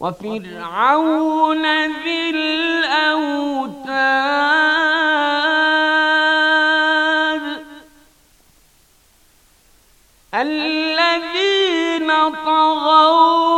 وفرعون ذي الأوتاد الذين طغوا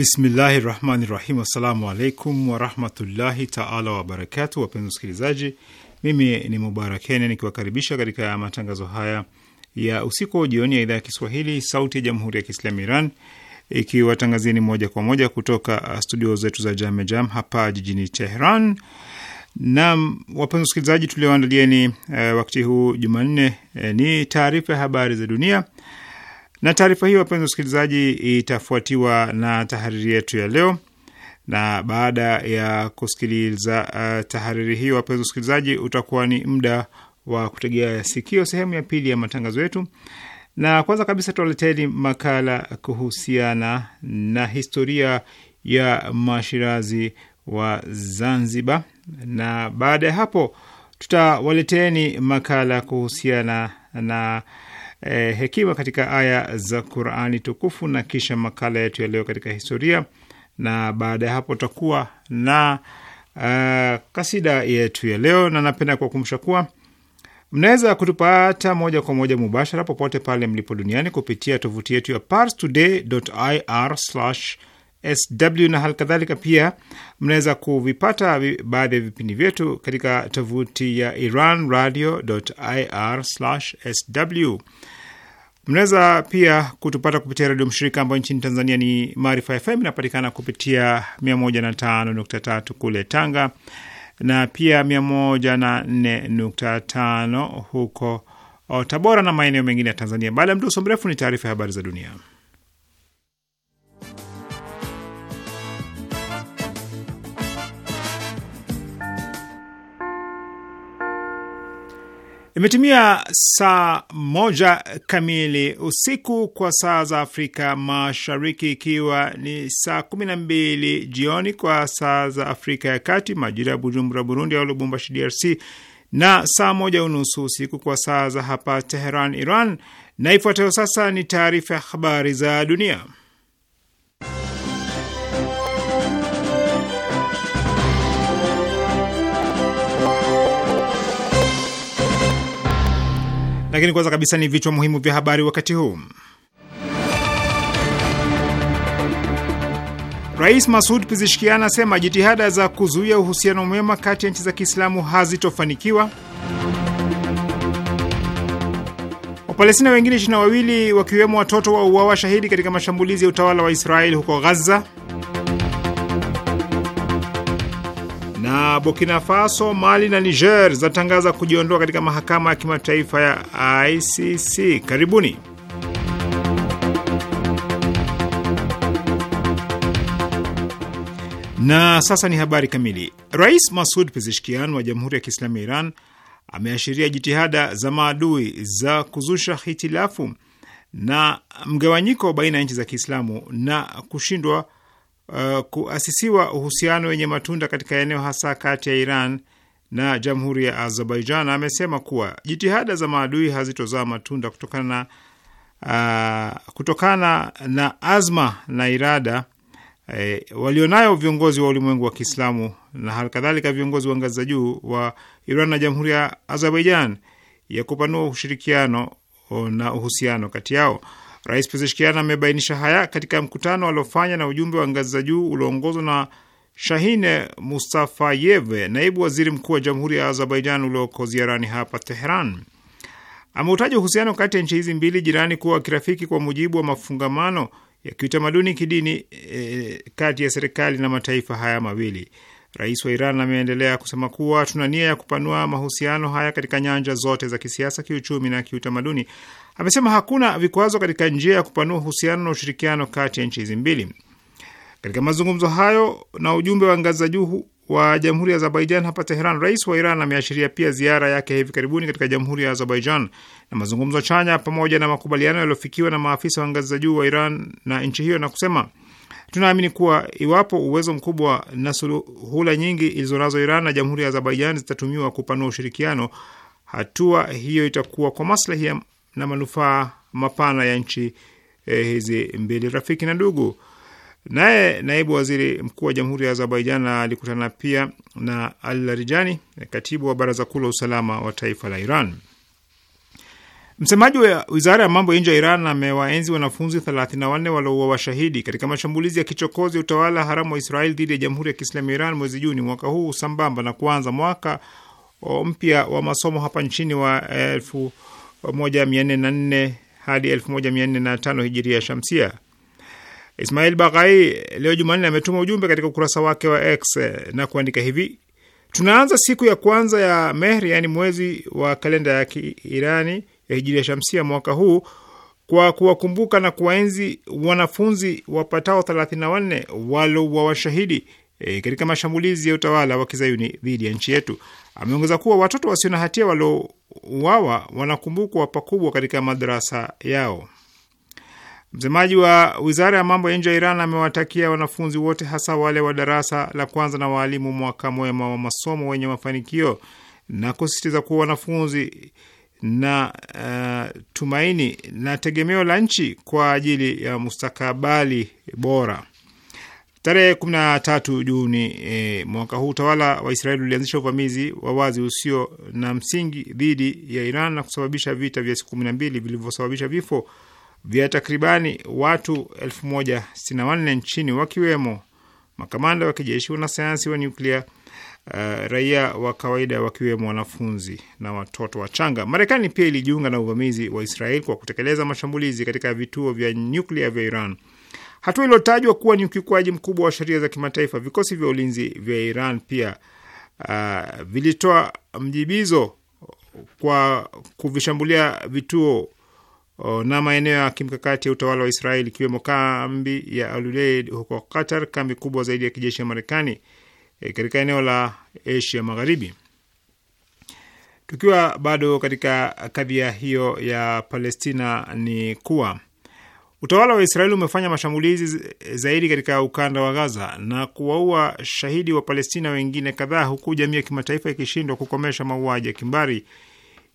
Bismillahi rahmani rahim. Assalamu alaikum warahmatullahi taala wabarakatu. Wapenzi wasikilizaji, mimi ni Mubarakeni nikiwakaribisha katika matangazo haya ya usiku wa jioni ya idhaa ya Kiswahili sauti ya jamhuri ya Kiislam Iran ikiwatangazieni moja kwa moja kutoka studio zetu za Jame Jam hapa jijini Tehran. Na wapenzi wasikilizaji, tulioandalia ni uh, eh, wakati huu Jumanne eh, ni taarifa ya habari za dunia na taarifa hiyo, wapenzi wasikilizaji, itafuatiwa na tahariri yetu ya leo. Na baada ya kusikiliza uh, tahariri hiyo, wapenzi wasikilizaji, utakuwa ni muda wa kutegea sikio sehemu ya pili ya matangazo yetu, na kwanza kabisa tuwaleteni makala kuhusiana na historia ya mashirazi wa Zanzibar, na baada ya hapo tutawaleteni makala kuhusiana na eh, hekima katika aya za Qurani tukufu na kisha makala yetu ya leo katika historia, na baada ya hapo tutakuwa na uh, kasida yetu ya leo, na napenda kuwakumbusha kuwa mnaweza kutupata moja kwa moja mubashara popote pale mlipo duniani kupitia tovuti yetu ya parstoday.ir sw na hali kadhalika. Pia mnaweza kuvipata baadhi ya vipindi vyetu katika tovuti ya Iran radio ir sw. Mnaweza pia kutupata kupitia redio mshirika ambayo nchini Tanzania ni Maarifa FM, inapatikana kupitia 105.3 kule Tanga na pia 104.5 huko Tabora na maeneo mengine ya Tanzania. Baada ya mtuso mrefu, ni taarifa ya habari za dunia. Imetimia saa moja kamili usiku kwa saa za Afrika Mashariki, ikiwa ni saa kumi na mbili jioni kwa saa za Afrika ya Kati, majira ya Bujumbura, Burundi au Lubumbashi, DRC, na saa moja unusu usiku kwa saa za hapa Teheran, Iran. Na ifuatayo sasa ni taarifa ya habari za dunia. Lakini kwanza kabisa ni vichwa muhimu vya habari wakati huu. Rais Masud Pezeshkian anasema jitihada za kuzuia uhusiano mwema kati ya nchi za Kiislamu hazitofanikiwa. Wapalestina wengine ishirini na wawili wakiwemo watoto wa uawa shahidi katika mashambulizi ya utawala wa Israeli huko ghaza na Burkina Faso, Mali na Niger zatangaza kujiondoa katika mahakama ya kimataifa ya ICC. Karibuni. Na sasa ni habari kamili. Rais Masud Pezeshkian wa Jamhuri ya Kiislamu ya Iran ameashiria jitihada za maadui za kuzusha hitilafu na mgawanyiko baina ya nchi za Kiislamu na kushindwa uh, kuasisiwa uhusiano wenye matunda katika eneo hasa kati ya Iran na Jamhuri ya Azerbaijan. Amesema kuwa jitihada za maadui hazitozaa matunda kutokana na, uh, kutokana na azma na irada E, walionayo viongozi wa ulimwengu wa Kiislamu na halikadhalika viongozi wa ngazi za juu wa Iran na Jamhuri ya Azerbaijan ya kupanua ushirikiano na uhusiano kati yao. Rais Pezeshkian amebainisha haya katika mkutano aliofanya na ujumbe wa ngazi za juu ulioongozwa na Shahine Mustafayeve, naibu waziri mkuu wa Jamhuri ya Azerbaijan ulioko ziarani hapa Teheran. Ameutaja uhusiano kati ya nchi hizi mbili jirani kuwa wa kirafiki kwa mujibu wa mafungamano ya kiutamaduni, kidini e, kati ya serikali na mataifa haya mawili. Rais wa Iran ameendelea kusema kuwa tuna nia ya kupanua mahusiano haya katika nyanja zote za kisiasa, kiuchumi na kiutamaduni. Amesema hakuna vikwazo katika njia ya kupanua uhusiano na ushirikiano kati ya nchi hizi mbili. Katika mazungumzo hayo na ujumbe wa ngazi za juu wa jamhuri ya Azerbaijan hapa Teheran, rais wa Iran ameashiria pia ziara yake hivi karibuni katika jamhuri ya Azerbaijan na mazungumzo chanya pamoja na makubaliano yaliyofikiwa na maafisa wa ngazi za juu wa Iran na nchi hiyo, na kusema tunaamini kuwa iwapo uwezo mkubwa na suluhula nyingi ilizonazo Iran na jamhuri ya Azerbaijan zitatumiwa kupanua ushirikiano, hatua hiyo itakuwa kwa maslahi ya na manufaa mapana ya nchi eh, hizi mbili rafiki na ndugu. Naye naibu waziri mkuu wa jamhuri ya Azerbaijan alikutana pia na Ali Larijani, katibu wa baraza kuu la usalama wa taifa la Iran. Msemaji wa wizara ya mambo ya nje ya Iran amewaenzi wanafunzi 34 walouawa washahidi katika mashambulizi ya kichokozi ya utawala haramu wa Israel dhidi ya jamhuri ya kiislamu ya Iran mwezi Juni mwaka huu, sambamba na kuanza mwaka oh, mpya wa masomo hapa nchini wa eh, elfu 1404 hadi 1405 hijiria shamsia. Ismail Baghai leo Jumanne ametuma ujumbe katika ukurasa wake wa X na kuandika hivi: tunaanza siku ya kwanza ya Mehri, yaani mwezi wa kalenda ya Kiirani ya hijiria shamsia mwaka huu kwa kuwakumbuka na kuwaenzi wanafunzi wapatao 34 washahidi e, katika mashambulizi ya utawala wa kizayuni dhidi ya nchi yetu. Ameongeza kuwa watoto wasio na hatia waliouawa wanakumbukwa pakubwa katika madarasa yao. Msemaji wa wizara ya mambo ya nje ya Iran amewatakia wanafunzi wote, hasa wale wa darasa la kwanza na waalimu, mwaka mwema wa masomo wenye mafanikio na kusisitiza kuwa wanafunzi na uh, tumaini na tegemeo la nchi kwa ajili ya mustakabali bora. Tarehe 13 Juni e, mwaka huu utawala wa Israeli ulianzisha uvamizi wa wazi usio na msingi dhidi ya Iran na kusababisha vita vya siku 12 vilivyosababisha vifo vya takribani watu 1064 nchini wakiwemo makamanda wa kijeshi, wanasayansi wa nyuklia, uh, raia wa kawaida wakiwemo wanafunzi na watoto wachanga. Marekani pia ilijiunga na uvamizi wa Israeli kwa kutekeleza mashambulizi katika vituo vya nyuklia vya Iran hatua iliyotajwa kuwa ni ukiukwaji mkubwa wa sheria za kimataifa. Vikosi vya ulinzi vya Iran pia uh, vilitoa mjibizo kwa kuvishambulia vituo uh, na maeneo ya kimkakati ya utawala wa Israeli ikiwemo kambi ya Al-Udeid huko Qatar, kambi kubwa zaidi ya kijeshi ya Marekani e, katika eneo la Asia Magharibi. Tukiwa bado katika kadhia hiyo ya Palestina, ni kuwa Utawala wa Israeli umefanya mashambulizi zaidi katika ukanda wa Gaza na kuwaua shahidi wa Palestina wengine kadhaa, huku jamii ya kimataifa ikishindwa kukomesha mauaji ya kimbari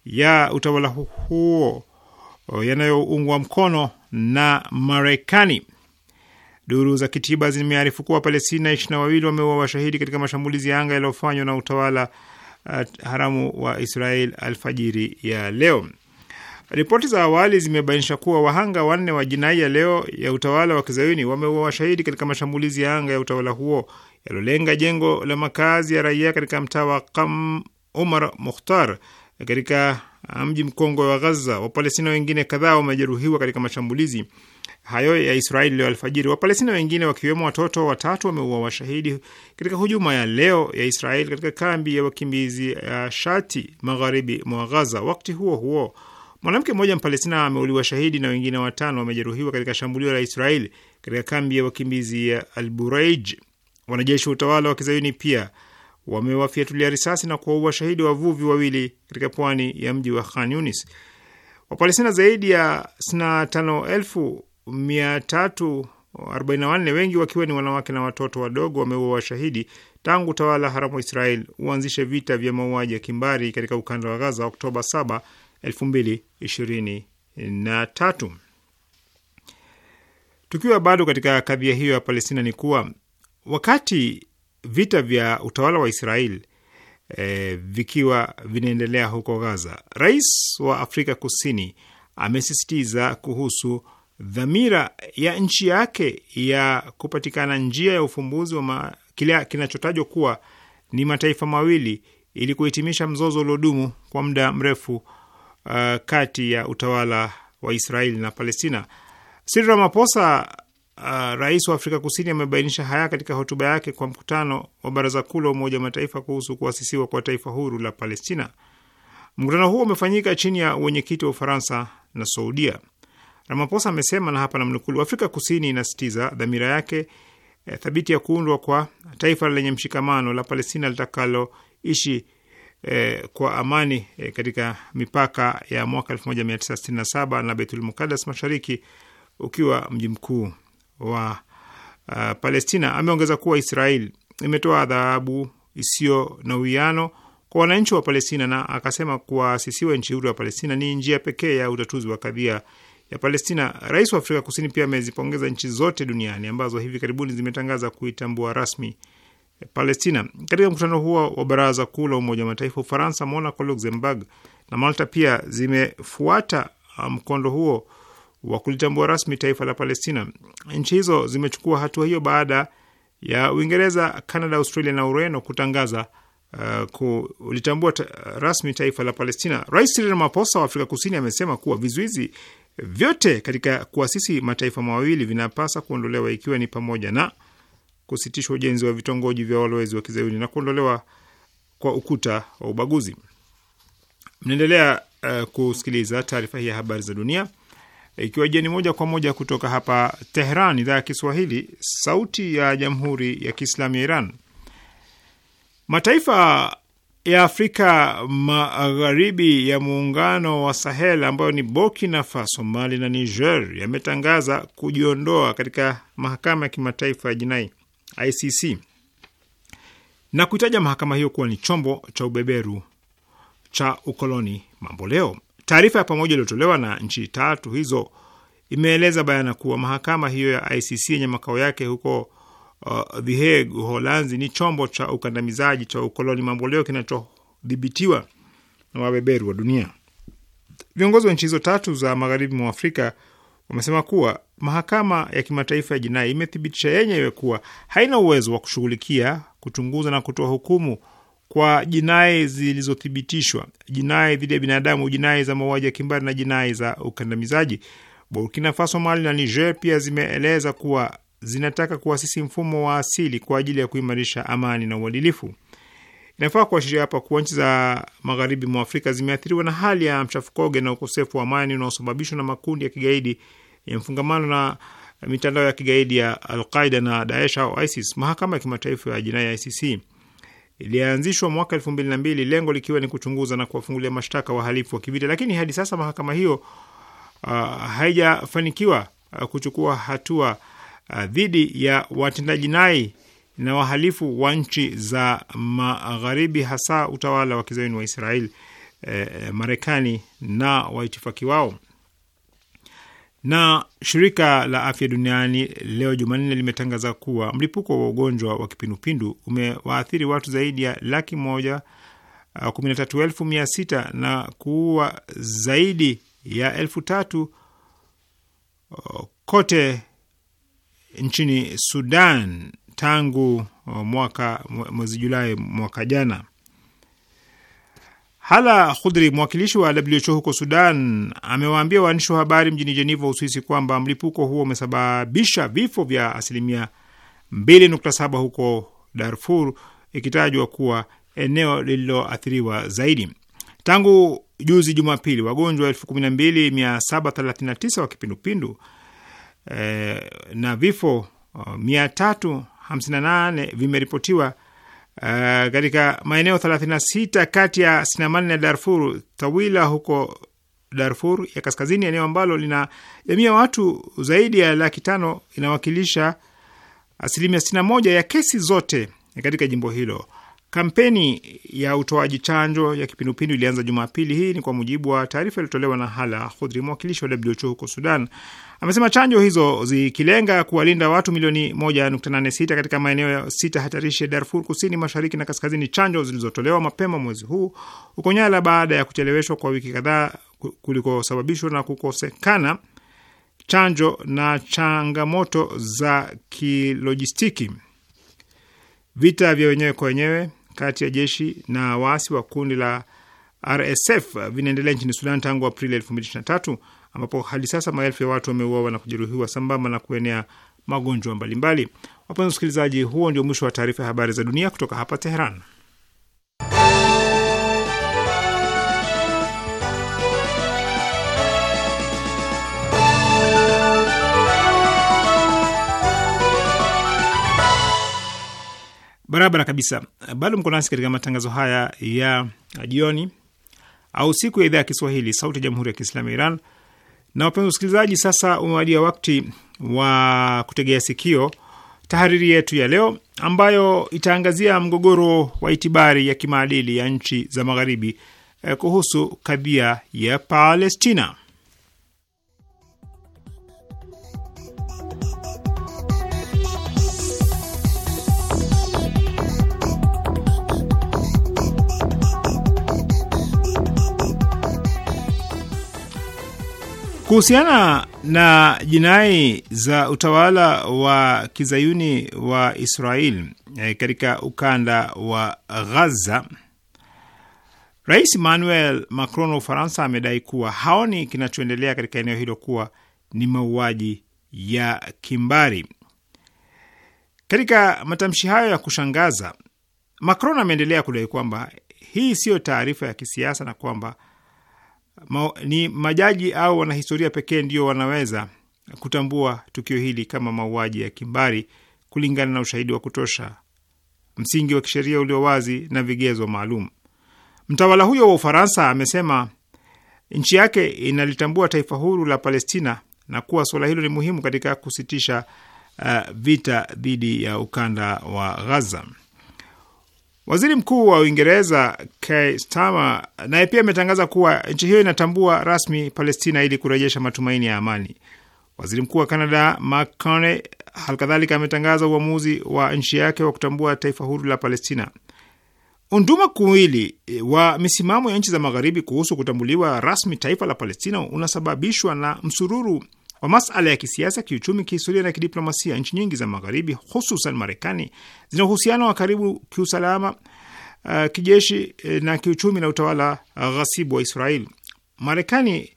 ya utawala huo yanayoungwa mkono na Marekani. Duru za kitiba zimearifu kuwa Palestina ishirini na wawili wameua washahidi katika mashambulizi ya anga yaliyofanywa na utawala haramu wa Israel alfajiri ya leo. Ripoti za awali zimebainisha kuwa wahanga wanne wa jinai ya leo ya utawala wa kizayuni wameua washahidi katika mashambulizi ya anga ya utawala huo yaliolenga jengo la makazi ya raia katika mtaa wa Kam Umar Mukhtar katika mji mkongwe wa ghaza Wapalestina wengine kadhaa wamejeruhiwa katika mashambulizi hayo ya Israeli leo alfajiri. Wapalestina wengine wakiwemo watoto watatu wameua washahidi katika hujuma ya leo ya Israeli katika kambi ya wakimbizi ya Shati magharibi mwa ghaza Wakati huo huo Mwanamke mmoja Mpalestina ameuliwa shahidi na wengine watano wamejeruhiwa katika shambulio la Israeli katika kambi ya wakimbizi ya Al Buraij. Wanajeshi wa utawala wa kizayuni pia wamewafyatulia risasi na kuwaua shahidi wavuvi wawili katika pwani ya mji wa Khan Yunis. Wapalestina zaidi ya 5,344 wengi wakiwa ni wanawake na watoto wadogo wameua washahidi tangu utawala haramu wa Israel uanzishe vita vya mauaji ya kimbari katika ukanda wa Gaza Oktoba 7 elfu mbili ishirini na tatu. Tukiwa bado katika kadhia hiyo ya Palestina ni kuwa wakati vita vya utawala wa Israel e, vikiwa vinaendelea huko Gaza, rais wa Afrika Kusini amesisitiza kuhusu dhamira ya nchi yake ya kupatikana njia ya ufumbuzi wa kile kinachotajwa kuwa ni mataifa mawili ili kuhitimisha mzozo uliodumu kwa muda mrefu uh, kati ya utawala wa Israeli na Palestina. Cyril Ramaphosa uh, rais wa Afrika Kusini amebainisha haya katika hotuba yake kwa mkutano wa Baraza Kuu la Umoja wa Mataifa kuhusu kuasisiwa kwa taifa huru la Palestina. Mkutano huo umefanyika chini ya uwenyekiti wa Ufaransa na Saudia. Ramaphosa amesema, na hapa namnukuu, Afrika Kusini inasitiza dhamira yake eh, thabiti ya kuundwa kwa taifa lenye mshikamano la Palestina litakaloishi eh, kwa amani eh, katika mipaka ya mwaka 1967 na Beitul Mukadas mashariki ukiwa mji mkuu wa uh, Palestina. Ameongeza kuwa Israel imetoa adhabu isiyo na uwiano kwa wananchi wa Palestina na akasema kuwaasisiwa nchi huru ya Palestina ni njia pekee ya utatuzi wa kadhia ya Palestina. Rais wa Afrika Kusini pia amezipongeza nchi zote duniani ambazo hivi karibuni zimetangaza kuitambua rasmi Palestina. Katika mkutano huo wa baraza kuu la Umoja wa Mataifa, Ufaransa, Monaco, Luxembourg na Malta pia zimefuata uh, mkondo huo wa kulitambua rasmi taifa la Palestina. Nchi hizo zimechukua hatua hiyo baada ya Uingereza, Canada, Australia na Ureno kutangaza uh, kulitambua ta rasmi taifa la Palestina. Rais Cyril Ramaphosa wa Afrika Kusini amesema kuwa vizuizi vyote katika kuasisi mataifa mawili vinapasa kuondolewa ikiwa ni pamoja na kusitishwa ujenzi wa vitongoji vya walowezi wa kizayuni na kuondolewa kwa ukuta wa ubaguzi. Mnaendelea uh, kusikiliza taarifa hii ya habari za dunia ikiwa jeni moja kwa moja kutoka hapa Tehran, idhaa ya Kiswahili, sauti ya jamhuri ya kiislamu ya Iran. Mataifa ya Afrika Magharibi ya muungano wa Sahel ambayo ni Burkina Faso, Mali na Niger yametangaza kujiondoa katika mahakama ya kimataifa ya jinai ICC na kuitaja mahakama hiyo kuwa ni chombo cha ubeberu cha ukoloni mambo leo. Taarifa ya pamoja iliyotolewa na nchi tatu hizo imeeleza bayana kuwa mahakama hiyo ya ICC yenye makao yake huko uh, The Hague, Uholanzi, ni chombo cha ukandamizaji cha ukoloni mambo leo kinachodhibitiwa na wabeberu wa dunia. Viongozi wa nchi hizo tatu za magharibi mwa Afrika wamesema kuwa mahakama ya kimataifa ya jinai imethibitisha yenyewe kuwa haina uwezo wa kushughulikia, kuchunguza na kutoa hukumu kwa jinai zilizothibitishwa, jinai dhidi ya binadamu, jinai za mauaji ya kimbari na jinai za ukandamizaji. Burkina Faso, Mali na Niger pia zimeeleza kuwa zinataka kuasisi mfumo wa asili kwa ajili ya kuimarisha amani na uadilifu. Inafaa kuashiria hapa kuwa nchi za magharibi mwa Afrika zimeathiriwa na hali ya mchafukoge na ukosefu wa amani unaosababishwa na makundi ya kigaidi ya mfungamano na mitandao ya kigaidi ya Alqaida na Daesh au ISIS. Mahakama ya Kimataifa ya Jinai ya ICC ilianzishwa mwaka elfu mbili na mbili lengo likiwa ni kuchunguza na kuwafungulia mashtaka wahalifu wa kivita, lakini hadi sasa mahakama hiyo uh, haijafanikiwa uh, kuchukua hatua uh, dhidi ya watendaji jinai na wahalifu wa nchi za Magharibi, hasa utawala wa kizayuni wa Israeli, eh, eh, Marekani na waitifaki wao. Na shirika la afya duniani leo Jumanne limetangaza kuwa mlipuko wa ugonjwa wa kipindupindu umewaathiri watu zaidi ya laki moja uh, kumi na tatu elfu mia sita na kuua zaidi ya elfu tatu uh, kote nchini Sudan tangu uh, mwaka mwezi Julai mwaka jana. Hala Khudri, mwakilishi wa WHO huko Sudan, amewaambia waandishi wa habari mjini Jeneva, Uswisi, kwamba mlipuko huo umesababisha vifo vya asilimia 2.7 huko Darfur, ikitajwa kuwa eneo lililoathiriwa zaidi. Tangu juzi Jumapili, wagonjwa 12739 wa kipindupindu e, na vifo uh, 58 vimeripotiwa uh, katika maeneo 36 kati ya 64 na Darfur Tawila huko Darfur ya kaskazini, eneo ambalo lina jamii ya watu zaidi ya laki tano inawakilisha asilimia moja ya kesi zote katika jimbo hilo. Kampeni ya utoaji chanjo ya kipindupindu ilianza Jumapili hii. Ni kwa mujibu wa taarifa iliyotolewa na Hala Khudri, mwakilishi wa WHO huko Sudan. Amesema chanjo hizo zikilenga kuwalinda watu milioni 1.86 katika maeneo ya sita hatarishi ya Darfur kusini mashariki na kaskazini. Chanjo zilizotolewa mapema mwezi huu huko Nyala baada ya kucheleweshwa kwa wiki kadhaa kulikosababishwa na kukosekana chanjo na changamoto za kilojistiki. Vita vya wenyewe kwa wenyewe kati ya jeshi na waasi wa kundi la RSF vinaendelea nchini Sudan tangu Aprili 2023 ambapo hadi sasa maelfu ya watu wameuawa na kujeruhiwa sambamba na kuenea magonjwa mbalimbali. Wapenzi wasikilizaji, huo ndio mwisho wa taarifa ya habari za dunia kutoka hapa Teheran. Barabara kabisa, bado mko nasi katika matangazo haya ya jioni au siku ya idhaa ya Kiswahili sauti ya jamhuri ya kiislamu ya Iran. Na wapenzi wasikilizaji, sasa umewadia wakati wa kutegea sikio tahariri yetu ya leo ambayo itaangazia mgogoro wa itibari ya kimaadili ya nchi za magharibi eh, kuhusu kadhia ya Palestina. Kuhusiana na jinai za utawala wa kizayuni wa Israel eh, katika ukanda wa Gaza, Rais Emmanuel Macron wa Ufaransa amedai kuwa haoni kinachoendelea katika eneo hilo kuwa ni mauaji ya kimbari. Katika matamshi hayo ya kushangaza, Macron ameendelea kudai kwamba hii siyo taarifa ya kisiasa na kwamba ma, ni majaji au wanahistoria pekee ndio wanaweza kutambua tukio hili kama mauaji ya kimbari kulingana na ushahidi wa kutosha, msingi wa kisheria ulio wazi na vigezo maalum. Mtawala huyo wa Ufaransa amesema nchi yake inalitambua taifa huru la Palestina na kuwa suala hilo ni muhimu katika kusitisha uh, vita dhidi ya ukanda wa Gaza. Waziri Mkuu wa Uingereza Keir Starmer naye pia ametangaza kuwa nchi hiyo inatambua rasmi Palestina ili kurejesha matumaini ya amani. Waziri Mkuu wa Canada Mark Carney halikadhalika ametangaza uamuzi wa nchi yake wa kutambua taifa huru la Palestina. Unduma kuwili eh, wa misimamo ya nchi za Magharibi kuhusu kutambuliwa rasmi taifa la Palestina unasababishwa na msururu kwa masala ya kisiasa, kiuchumi, kihistoria na kidiplomasia, nchi nyingi za Magharibi, hususan Marekani, zina uhusiano wa karibu kiusalama, uh, kijeshi eh, na kiuchumi na utawala uh, ghasibu wa israel Marekani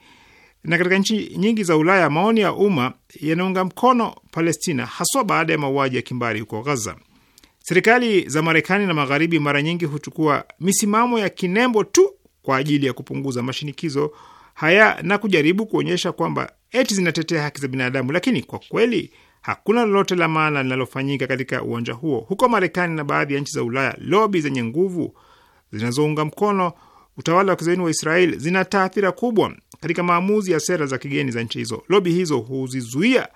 na katika nchi nyingi za Ulaya, maoni ya umma yanaunga mkono Palestina, haswa baada ya mauaji ya kimbari huko Gaza. Serikali za Marekani na Magharibi mara nyingi huchukua misimamo ya kinembo tu kwa ajili ya kupunguza mashinikizo haya na kujaribu kuonyesha kwamba eti zinatetea haki za binadamu, lakini kwa kweli hakuna lolote la maana linalofanyika katika uwanja huo. Huko Marekani na baadhi ya nchi za Ulaya, lobi zenye nguvu zinazounga mkono utawala wa kizayuni wa Israeli zina taathira kubwa katika maamuzi ya sera za kigeni za nchi hizo. Lobi hizo huzizuia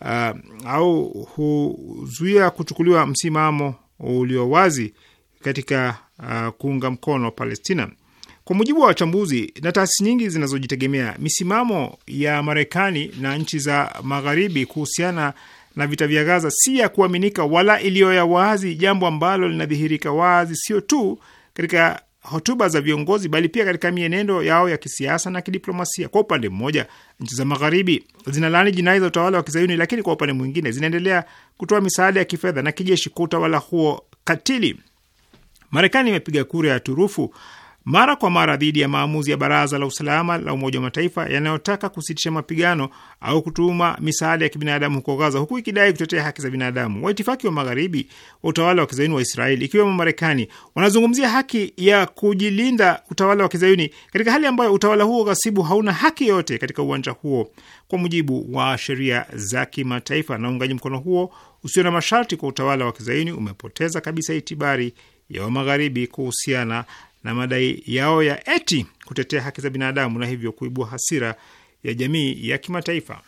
uh, au huzuia kuchukuliwa msimamo ulio wazi katika uh, kuunga mkono Palestina. Kwa mujibu wa wachambuzi na taasisi nyingi zinazojitegemea, misimamo ya Marekani na nchi za Magharibi kuhusiana na vita vya Gaza si ya kuaminika wala iliyo ya wazi, jambo ambalo linadhihirika wazi sio tu katika hotuba za viongozi bali pia katika mienendo yao ya kisiasa na kidiplomasia. Kwa upande mmoja, nchi za Magharibi zinalaani jinai za utawala wa Kizayuni, lakini kwa upande mwingine zinaendelea kutoa misaada ya kifedha na kijeshi kwa utawala huo katili. Marekani imepiga kura ya turufu mara kwa mara dhidi ya maamuzi ya Baraza la Usalama la Umoja wa Mataifa yanayotaka kusitisha mapigano au kutuma misaada ya kibinadamu huko Gaza, huku ikidai kutetea haki za binadamu. Waitifaki wa magharibi wa utawala wa kizayuni wa Israeli, ikiwemo Marekani, wanazungumzia haki ya kujilinda utawala wa kizayuni katika hali ambayo utawala huo ghasibu hauna haki yote katika uwanja huo kwa mujibu wa sheria za kimataifa, na uungaji mkono huo usio na masharti kwa utawala wa kizayuni umepoteza kabisa itibari ya Wamagharibi kuhusiana na madai yao ya eti kutetea haki za binadamu na hivyo kuibua hasira ya jamii ya kimataifa.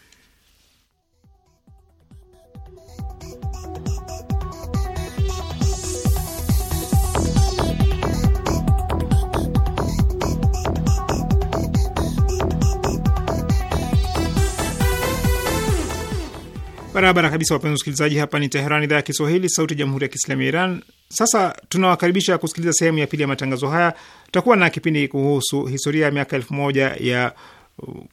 Barabara kabisa, wapenzi wasikilizaji, hapa ni Teheran, idhaa ya Kiswahili, sauti ya jamhuri ya kiislamu ya Iran. Sasa tunawakaribisha kusikiliza sehemu ya pili ya matangazo haya. Tutakuwa na kipindi kuhusu historia ya miaka elfu moja ya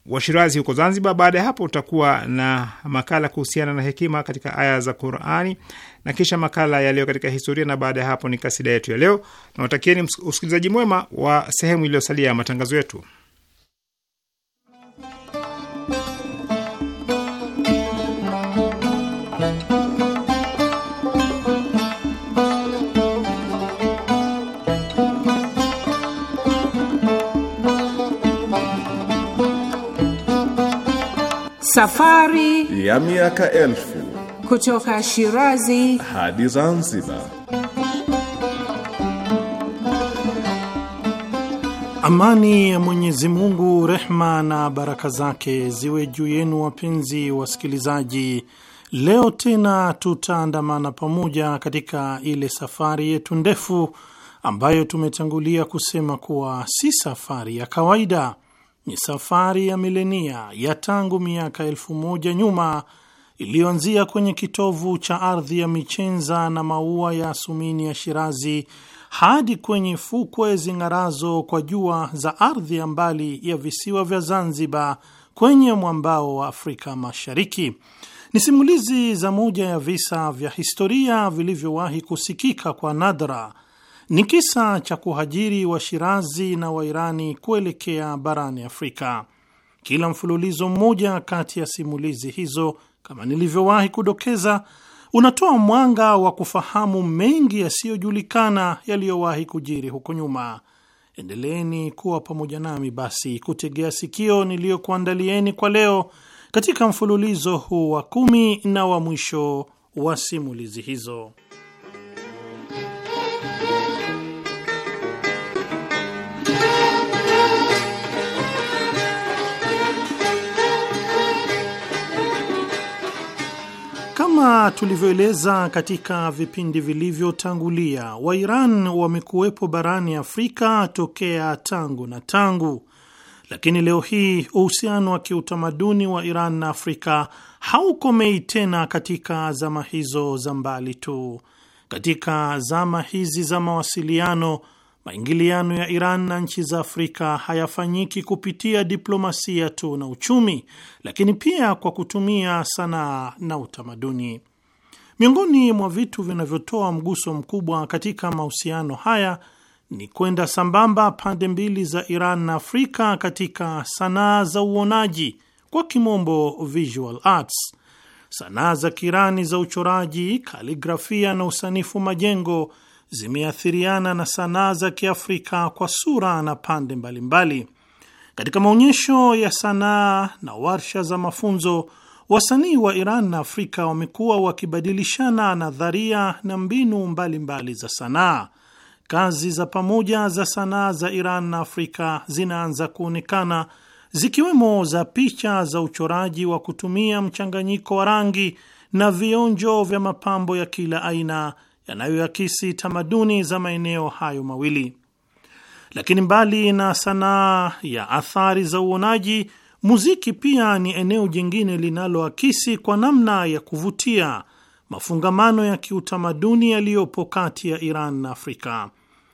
Washirazi huko Zanzibar. Baada ya hapo, tutakuwa na makala kuhusiana na hekima katika aya za Qurani na kisha makala ya leo katika historia, na baada ya hapo ni kasida yetu ya leo. Nawatakieni usikilizaji mwema wa sehemu iliyosalia ya matangazo yetu. Safari ya miaka elfu kutoka Shirazi hadi Zanzibar. Amani ya Mwenyezi Mungu, rehma na baraka zake ziwe juu yenu, wapenzi wasikilizaji. Leo tena tutaandamana pamoja katika ile safari yetu ndefu ambayo tumetangulia kusema kuwa si safari ya kawaida ni safari ya milenia ya tangu miaka elfu moja nyuma iliyoanzia kwenye kitovu cha ardhi ya michenza na maua ya asumini ya Shirazi hadi kwenye fukwe zing'arazo kwa jua za ardhi ya mbali ya visiwa vya Zanzibar kwenye mwambao wa Afrika Mashariki. Ni simulizi za moja ya visa vya historia vilivyowahi kusikika kwa nadra ni kisa cha kuhajiri Washirazi na Wairani kuelekea barani Afrika. Kila mfululizo mmoja kati ya simulizi hizo, kama nilivyowahi kudokeza, unatoa mwanga wa kufahamu mengi yasiyojulikana yaliyowahi kujiri huko nyuma. Endeleeni kuwa pamoja nami basi kutegea sikio niliyokuandalieni kwa leo katika mfululizo huu wa kumi na wa mwisho wa simulizi hizo. Kama tulivyoeleza katika vipindi vilivyotangulia, Wairan wamekuwepo barani Afrika tokea tangu na tangu, lakini leo hii uhusiano wa kiutamaduni wa Iran na Afrika haukomei tena katika zama hizo za mbali tu. Katika zama hizi za mawasiliano maingiliano ya Iran na nchi za Afrika hayafanyiki kupitia diplomasia tu na uchumi, lakini pia kwa kutumia sanaa na utamaduni. Miongoni mwa vitu vinavyotoa mguso mkubwa katika mahusiano haya ni kwenda sambamba pande mbili za Iran na Afrika katika sanaa za uonaji, kwa kimombo visual arts. Sanaa za Kirani za uchoraji, kaligrafia na usanifu majengo zimeathiriana na sanaa za Kiafrika kwa sura na pande mbalimbali mbali. Katika maonyesho ya sanaa na warsha za mafunzo, wasanii wa Iran na Afrika wamekuwa wakibadilishana nadharia na mbinu mbalimbali mbali za sanaa. Kazi za pamoja za sanaa za Iran na Afrika zinaanza kuonekana zikiwemo za picha za uchoraji wa kutumia mchanganyiko wa rangi na vionjo vya mapambo ya kila aina yanayoakisi tamaduni za maeneo hayo mawili. Lakini mbali na sanaa ya athari za uonaji, muziki pia ni eneo jingine linaloakisi kwa namna ya kuvutia mafungamano ya kiutamaduni yaliyopo kati ya Iran na Afrika.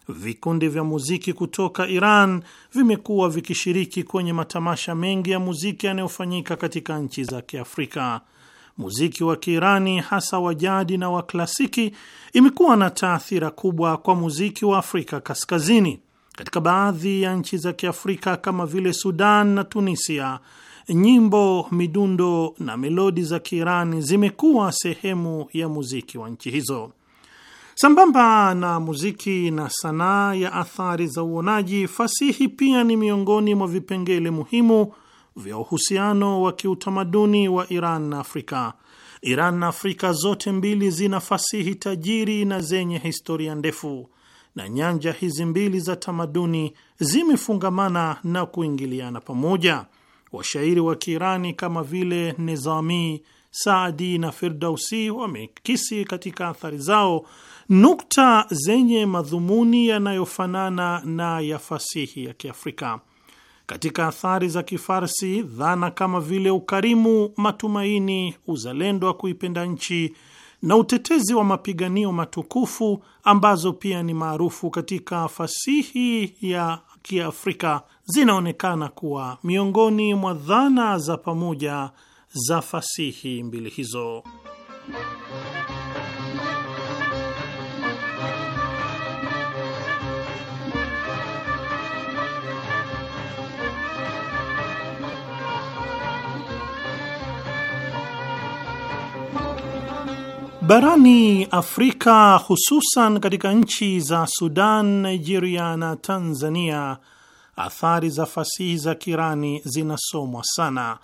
Vikundi vya muziki kutoka Iran vimekuwa vikishiriki kwenye matamasha mengi ya muziki yanayofanyika katika nchi za Kiafrika muziki wa Kiirani hasa wa jadi na wa klasiki imekuwa na taathira kubwa kwa muziki wa Afrika Kaskazini. Katika baadhi ya nchi za Kiafrika kama vile Sudan na Tunisia, nyimbo, midundo na melodi za Kiirani zimekuwa sehemu ya muziki wa nchi hizo. Sambamba na muziki na sanaa ya athari za uonaji, fasihi pia ni miongoni mwa vipengele muhimu vya uhusiano wa kiutamaduni wa Iran na Afrika. Iran na Afrika zote mbili zina fasihi tajiri na zenye historia ndefu, na nyanja hizi mbili za tamaduni zimefungamana na kuingiliana pamoja. Washairi wa Kiirani kama vile Nizami, Saadi na Firdausi wamekisi katika athari zao nukta zenye madhumuni yanayofanana na ya fasihi ya Kiafrika. Katika athari za Kifarsi, dhana kama vile ukarimu, matumaini, uzalendo wa kuipenda nchi na utetezi wa mapiganio matukufu ambazo pia ni maarufu katika fasihi ya Kiafrika zinaonekana kuwa miongoni mwa dhana za pamoja za fasihi mbili hizo. Barani Afrika hususan katika nchi za Sudan, Nigeria na Tanzania, athari za fasihi za Kirani zinasomwa sana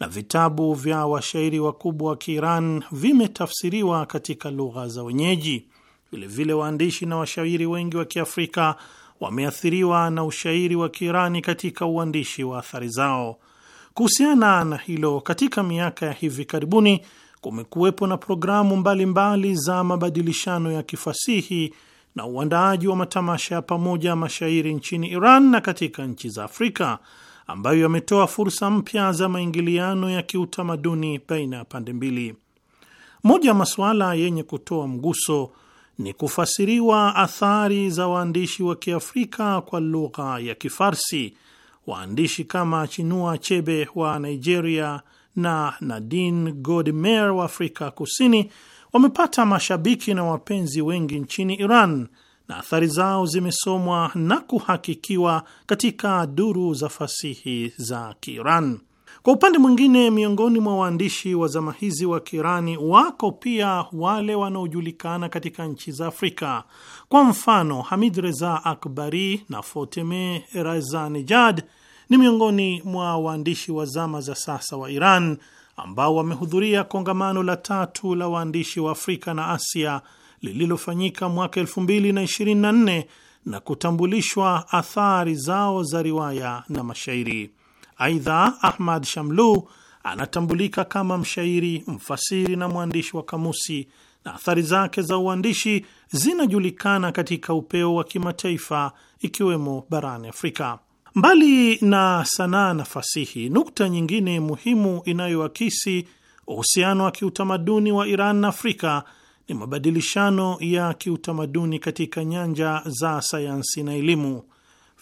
na vitabu vya washairi wakubwa wa Kiiran vimetafsiriwa katika lugha za wenyeji. Vilevile waandishi na washairi wengi wa Kiafrika wameathiriwa na ushairi wa Kiirani katika uandishi wa athari zao. Kuhusiana na hilo, katika miaka ya hivi karibuni kumekuwepo na programu mbalimbali mbali za mabadilishano ya kifasihi na uandaaji wa matamasha ya pamoja ya mashairi nchini Iran na katika nchi za Afrika ambayo yametoa fursa mpya za maingiliano ya kiutamaduni baina ya pande mbili. Moja ya masuala yenye kutoa mguso ni kufasiriwa athari za waandishi wa Kiafrika kwa lugha ya Kifarsi. Waandishi kama Chinua Achebe wa Nigeria na Nadine Godmer wa Afrika Kusini wamepata mashabiki na wapenzi wengi nchini Iran na athari zao zimesomwa na kuhakikiwa katika duru za fasihi za Kiiran. Kwa upande mwingine, miongoni mwa waandishi wa zama hizi wa Kiirani wako pia wale wanaojulikana katika nchi za Afrika. Kwa mfano, Hamid Reza Akbari na Fateme Razanejad ni miongoni mwa waandishi wa zama za sasa wa Iran ambao wamehudhuria kongamano la tatu la waandishi wa Afrika na Asia lililofanyika mwaka 2024 na kutambulishwa athari zao za riwaya na mashairi. Aidha, Ahmad Shamlu anatambulika kama mshairi, mfasiri na mwandishi wa kamusi na athari zake za uandishi zinajulikana katika upeo wa kimataifa ikiwemo barani Afrika. Mbali na sanaa na fasihi, nukta nyingine muhimu inayoakisi uhusiano wa kiutamaduni wa Iran na Afrika ni mabadilishano ya kiutamaduni katika nyanja za sayansi na elimu.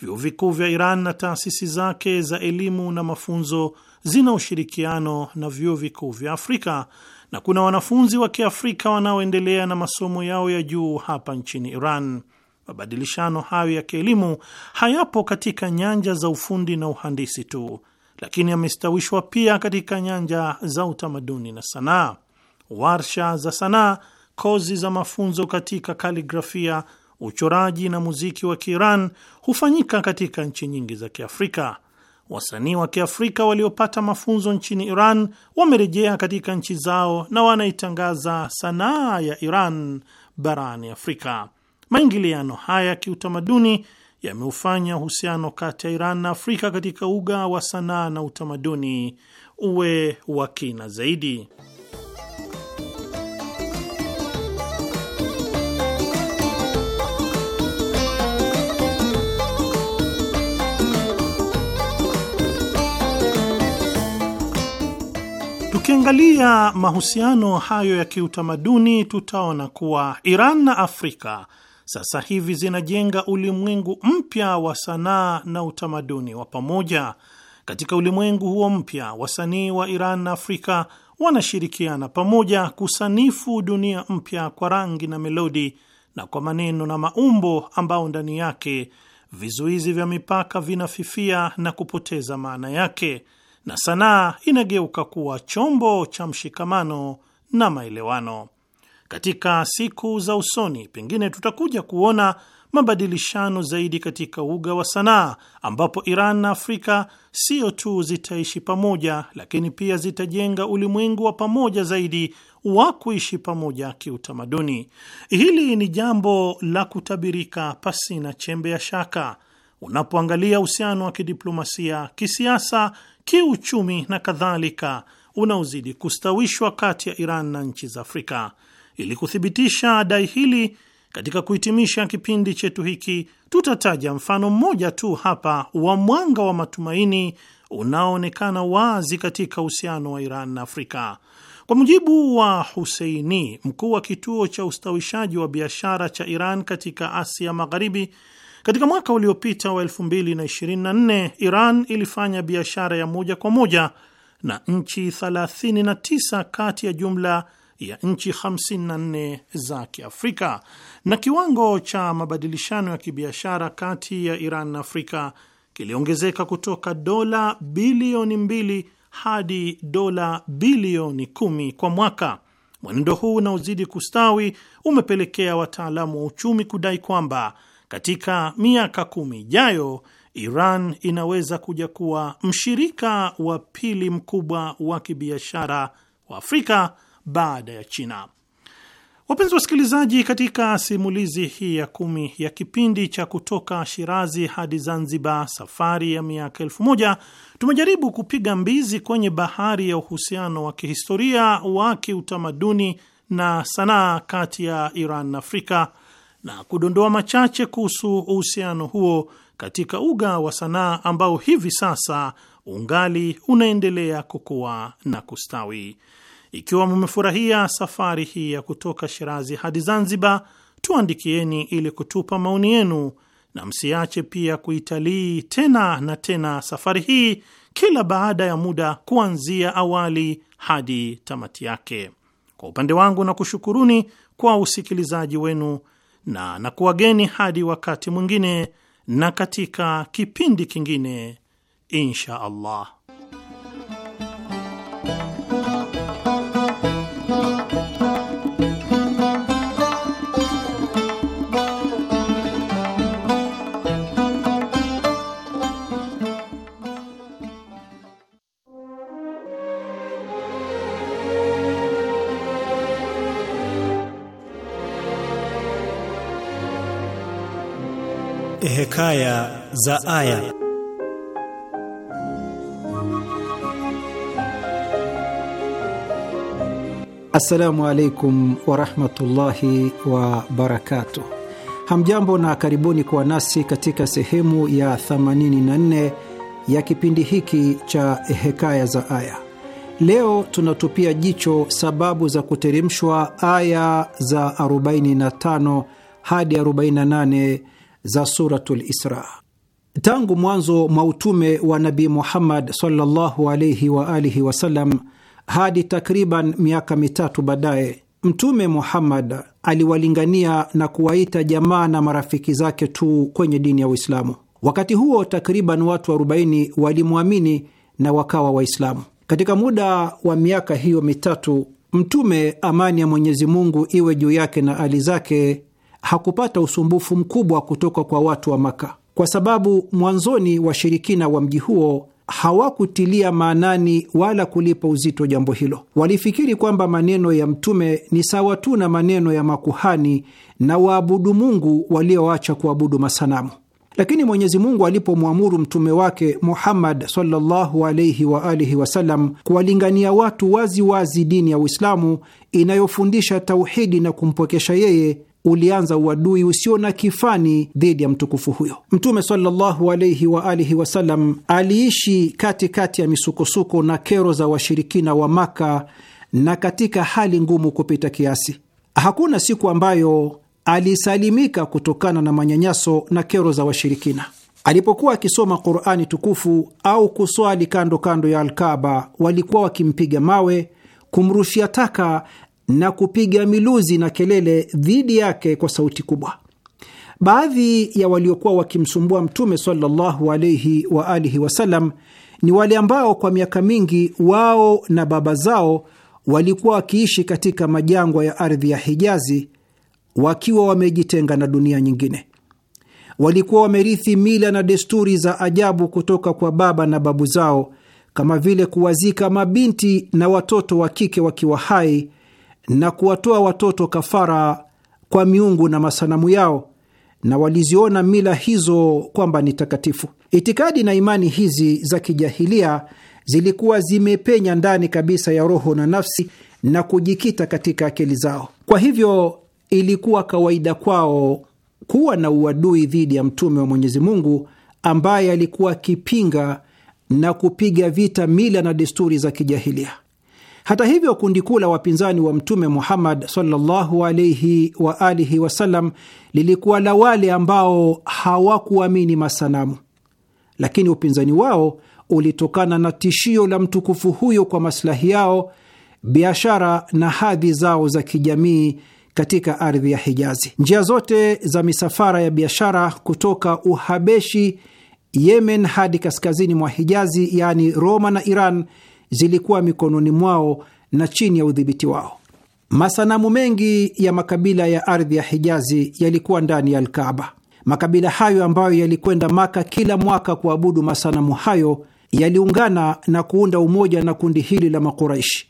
Vyuo vikuu vya Iran na taasisi zake za elimu na mafunzo zina ushirikiano na vyuo vikuu vya Afrika na kuna wanafunzi wa Kiafrika wanaoendelea na masomo yao ya juu hapa nchini Iran. Mabadilishano hayo ya kielimu hayapo katika nyanja za ufundi na uhandisi tu, lakini yamestawishwa pia katika nyanja za utamaduni na sanaa. Warsha za sanaa, kozi za mafunzo katika kaligrafia, uchoraji na muziki wa Kiiran hufanyika katika nchi nyingi za Kiafrika. Wasanii wa Kiafrika waliopata mafunzo nchini Iran wamerejea katika nchi zao na wanaitangaza sanaa ya Iran barani Afrika. Maingiliano haya ya kiutamaduni yameufanya uhusiano kati ya Iran na Afrika katika uga wa sanaa na utamaduni uwe wa kina zaidi. Tukiangalia mahusiano hayo ya kiutamaduni, tutaona kuwa Iran na Afrika sasa hivi zinajenga ulimwengu mpya wa sanaa na utamaduni wa pamoja. Katika ulimwengu huo mpya, wasanii wa Iran na Afrika wanashirikiana pamoja kusanifu dunia mpya kwa rangi na melodi na kwa maneno na maumbo ambao ndani yake vizuizi vya mipaka vinafifia na kupoteza maana yake, na sanaa inageuka kuwa chombo cha mshikamano na maelewano katika siku za usoni pengine tutakuja kuona mabadilishano zaidi katika uga wa sanaa ambapo Iran na Afrika sio tu zitaishi pamoja, lakini pia zitajenga ulimwengu wa pamoja zaidi wa kuishi pamoja kiutamaduni. Hili ni jambo la kutabirika pasina chembe ya shaka unapoangalia uhusiano wa kidiplomasia, kisiasa, kiuchumi na kadhalika unaozidi kustawishwa kati ya Iran na nchi za Afrika. Ili kuthibitisha dai hili, katika kuhitimisha kipindi chetu hiki, tutataja mfano mmoja tu hapa wa mwanga wa matumaini unaoonekana wazi katika uhusiano wa Iran na Afrika. Kwa mujibu wa Huseini, mkuu wa kituo cha ustawishaji wa biashara cha Iran katika Asia Magharibi, katika mwaka uliopita wa 2024 Iran ilifanya biashara ya moja kwa moja na nchi 39 kati ya jumla ya nchi 54 za Kiafrika, na kiwango cha mabadilishano ya kibiashara kati ya Iran na Afrika kiliongezeka kutoka dola bilioni mbili hadi dola bilioni kumi kwa mwaka. Mwenendo huu unaozidi kustawi umepelekea wataalamu wa uchumi kudai kwamba katika miaka kumi ijayo Iran inaweza kuja kuwa mshirika wa pili mkubwa wa kibiashara wa Afrika baada ya China. Wapenzi wasikilizaji, katika simulizi hii ya kumi ya kipindi cha kutoka Shirazi hadi Zanzibar, safari ya miaka elfu moja, tumejaribu kupiga mbizi kwenye bahari ya uhusiano wa kihistoria wa kiutamaduni na sanaa kati ya Iran na Afrika na kudondoa machache kuhusu uhusiano huo katika uga wa sanaa ambao hivi sasa ungali unaendelea kukua na kustawi. Ikiwa mmefurahia safari hii ya kutoka Shirazi hadi Zanzibar, tuandikieni ili kutupa maoni yenu, na msiache pia kuitalii tena na tena safari hii kila baada ya muda, kuanzia awali hadi tamati yake. Kwa upande wangu, na kushukuruni kwa usikilizaji wenu na nakuwageni hadi wakati mwingine na katika kipindi kingine, insha Allah. Eh, Hekaya za Aya. Assalamu alaikum warahmatullahi wabarakatuh. Hamjambo na karibuni kwa nasi katika sehemu ya 84 ya kipindi hiki cha eh, Hekaya za Aya. Leo tunatupia jicho sababu za kuteremshwa aya za 45 hadi 48 za Suratul Isra. Tangu mwanzo mwa utume wa nabi Muhammad sallallahu alaihi wa alihi wasallam hadi takriban miaka mitatu baadaye, Mtume Muhammad aliwalingania na kuwaita jamaa na marafiki zake tu kwenye dini ya Uislamu. Wakati huo takriban watu 40 walimwamini na wakawa Waislamu. Katika muda wa miaka hiyo mitatu, Mtume, amani ya Mwenyezi Mungu iwe juu yake na ali zake, hakupata usumbufu mkubwa kutoka kwa watu wa Maka kwa sababu mwanzoni washirikina wa, mji huo hawakutilia maanani wala kulipa uzito jambo hilo. Walifikiri kwamba maneno ya Mtume ni sawa tu na maneno ya makuhani na waabudu Mungu walioacha kuabudu masanamu. Lakini Mwenyezi Mungu alipomwamuru mtume wake Muhammad sallallahu alayhi wa alihi wasallam kuwalingania watu wazi wazi dini ya Uislamu inayofundisha tauhidi na kumpwekesha yeye, ulianza uadui usio na kifani dhidi ya mtukufu huyo. Mtume sallallahu alaihi wa alihi wasallam aliishi katikati kati ya misukosuko na kero za washirikina wa Maka na katika hali ngumu kupita kiasi. Hakuna siku ambayo alisalimika kutokana na manyanyaso na kero za washirikina. Alipokuwa akisoma Qurani tukufu au kuswali kando kando ya Alkaba, walikuwa wakimpiga mawe, kumrushia taka na kupiga miluzi na kelele dhidi yake kwa sauti kubwa. Baadhi ya waliokuwa wakimsumbua Mtume sallallahu alaihi wa alihi wasallam ni wale ambao kwa miaka mingi wao na baba zao walikuwa wakiishi katika majangwa ya ardhi ya Hijazi wakiwa wamejitenga na dunia nyingine. Walikuwa wamerithi mila na desturi za ajabu kutoka kwa baba na babu zao, kama vile kuwazika mabinti na watoto wa kike wakiwa hai na kuwatoa watoto kafara kwa miungu na masanamu yao, na waliziona mila hizo kwamba ni takatifu. Itikadi na imani hizi za kijahilia zilikuwa zimepenya ndani kabisa ya roho na nafsi na kujikita katika akili zao. Kwa hivyo ilikuwa kawaida kwao kuwa na uadui dhidi ya mtume wa Mwenyezi Mungu ambaye alikuwa akipinga na kupiga vita mila na desturi za kijahilia. Hata hivyo, kundi kuu la wapinzani wa Mtume Muhammad sallallahu alaihi wa alihi wasallam lilikuwa la wale ambao hawakuamini masanamu, lakini upinzani wao ulitokana na tishio la mtukufu huyo kwa masilahi yao, biashara na hadhi zao za kijamii katika ardhi ya Hijazi. Njia zote za misafara ya biashara kutoka Uhabeshi, Yemen hadi kaskazini mwa Hijazi, yaani Roma na Iran zilikuwa mikononi mwao na chini ya udhibiti wao. Masanamu mengi ya makabila ya ardhi ya Hijazi yalikuwa ndani ya Alkaaba. Makabila hayo ambayo yalikwenda Maka kila mwaka kuabudu masanamu hayo yaliungana na kuunda umoja na kundi hili la Makuraishi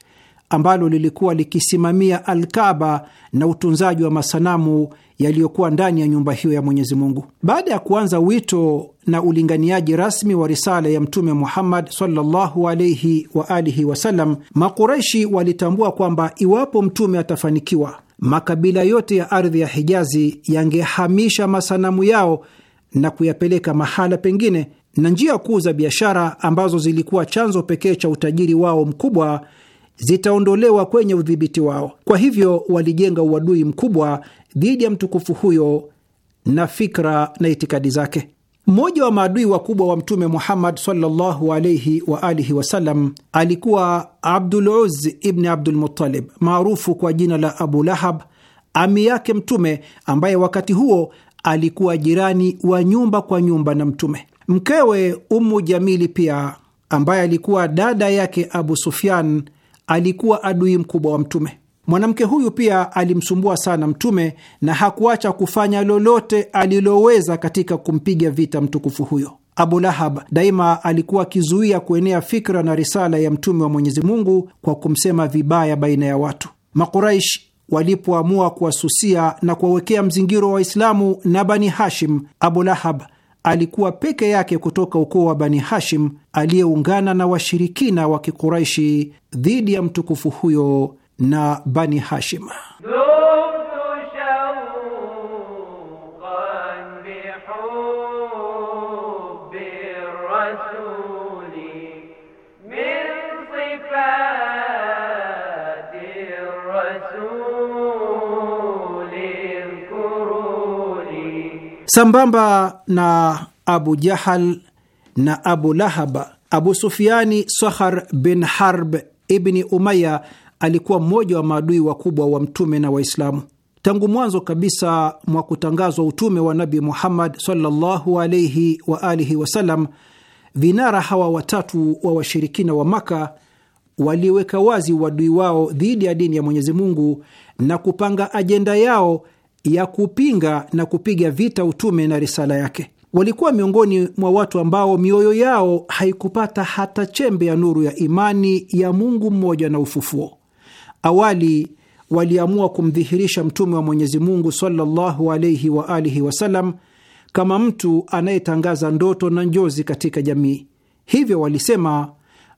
ambalo lilikuwa likisimamia Alkaba na utunzaji wa masanamu yaliyokuwa ndani ya nyumba hiyo ya Mwenyezi Mungu. Baada ya kuanza wito na ulinganiaji rasmi wa risala ya Mtume Muhammad sallallahu alaihi wa alihi wasallam, Makuraishi walitambua kwamba iwapo Mtume atafanikiwa, makabila yote ya ardhi ya Hijazi yangehamisha masanamu yao na kuyapeleka mahala pengine, na njia kuu za biashara ambazo zilikuwa chanzo pekee cha utajiri wao mkubwa zitaondolewa kwenye udhibiti wao. Kwa hivyo walijenga uadui mkubwa dhidi ya mtukufu huyo na fikra na itikadi zake. Mmoja wa maadui wakubwa wa Mtume Muhammad sallallahu wa alihi wasallam alikuwa Abdul uz ibni Abdul Muttalib maarufu kwa jina la Abu Lahab, ami yake Mtume, ambaye wakati huo alikuwa jirani wa nyumba kwa nyumba na Mtume. Mkewe Ummu Jamili pia ambaye alikuwa dada yake Abu Sufyan alikuwa adui mkubwa wa Mtume. Mwanamke huyu pia alimsumbua sana Mtume na hakuacha kufanya lolote aliloweza katika kumpiga vita mtukufu huyo. Abu Lahab daima alikuwa akizuia kuenea fikra na risala ya Mtume wa Mwenyezi Mungu kwa kumsema vibaya baina ya watu. Makuraish walipoamua kuwasusia na kuwawekea mzingiro wa Waislamu na Bani Hashim, Abu Lahab alikuwa peke yake kutoka ukoo wa Bani Hashim aliyeungana na washirikina wa Kikuraishi dhidi ya mtukufu huyo na Bani Hashim. Sambamba na Abu Jahal na Abu Lahab, Abu Sufiani Sahar bin Harb ibni Umaya alikuwa mmoja wa maadui wakubwa wa Mtume na Waislamu. Tangu mwanzo kabisa mwa kutangazwa utume wa Nabi Muhammad sallallahu alaihi wa alihi wasallam, vinara hawa watatu wa washirikina wa Maka waliweka wazi uadui wao dhidi ya dini ya Mwenyezi Mungu na kupanga ajenda yao ya kupinga na kupiga vita utume na risala yake. Walikuwa miongoni mwa watu ambao mioyo yao haikupata hata chembe ya nuru ya imani ya Mungu mmoja na ufufuo. Awali waliamua kumdhihirisha mtume wa Mwenyezi Mungu sallallahu wa alihi wasallam kama mtu anayetangaza ndoto na njozi katika jamii. Hivyo walisema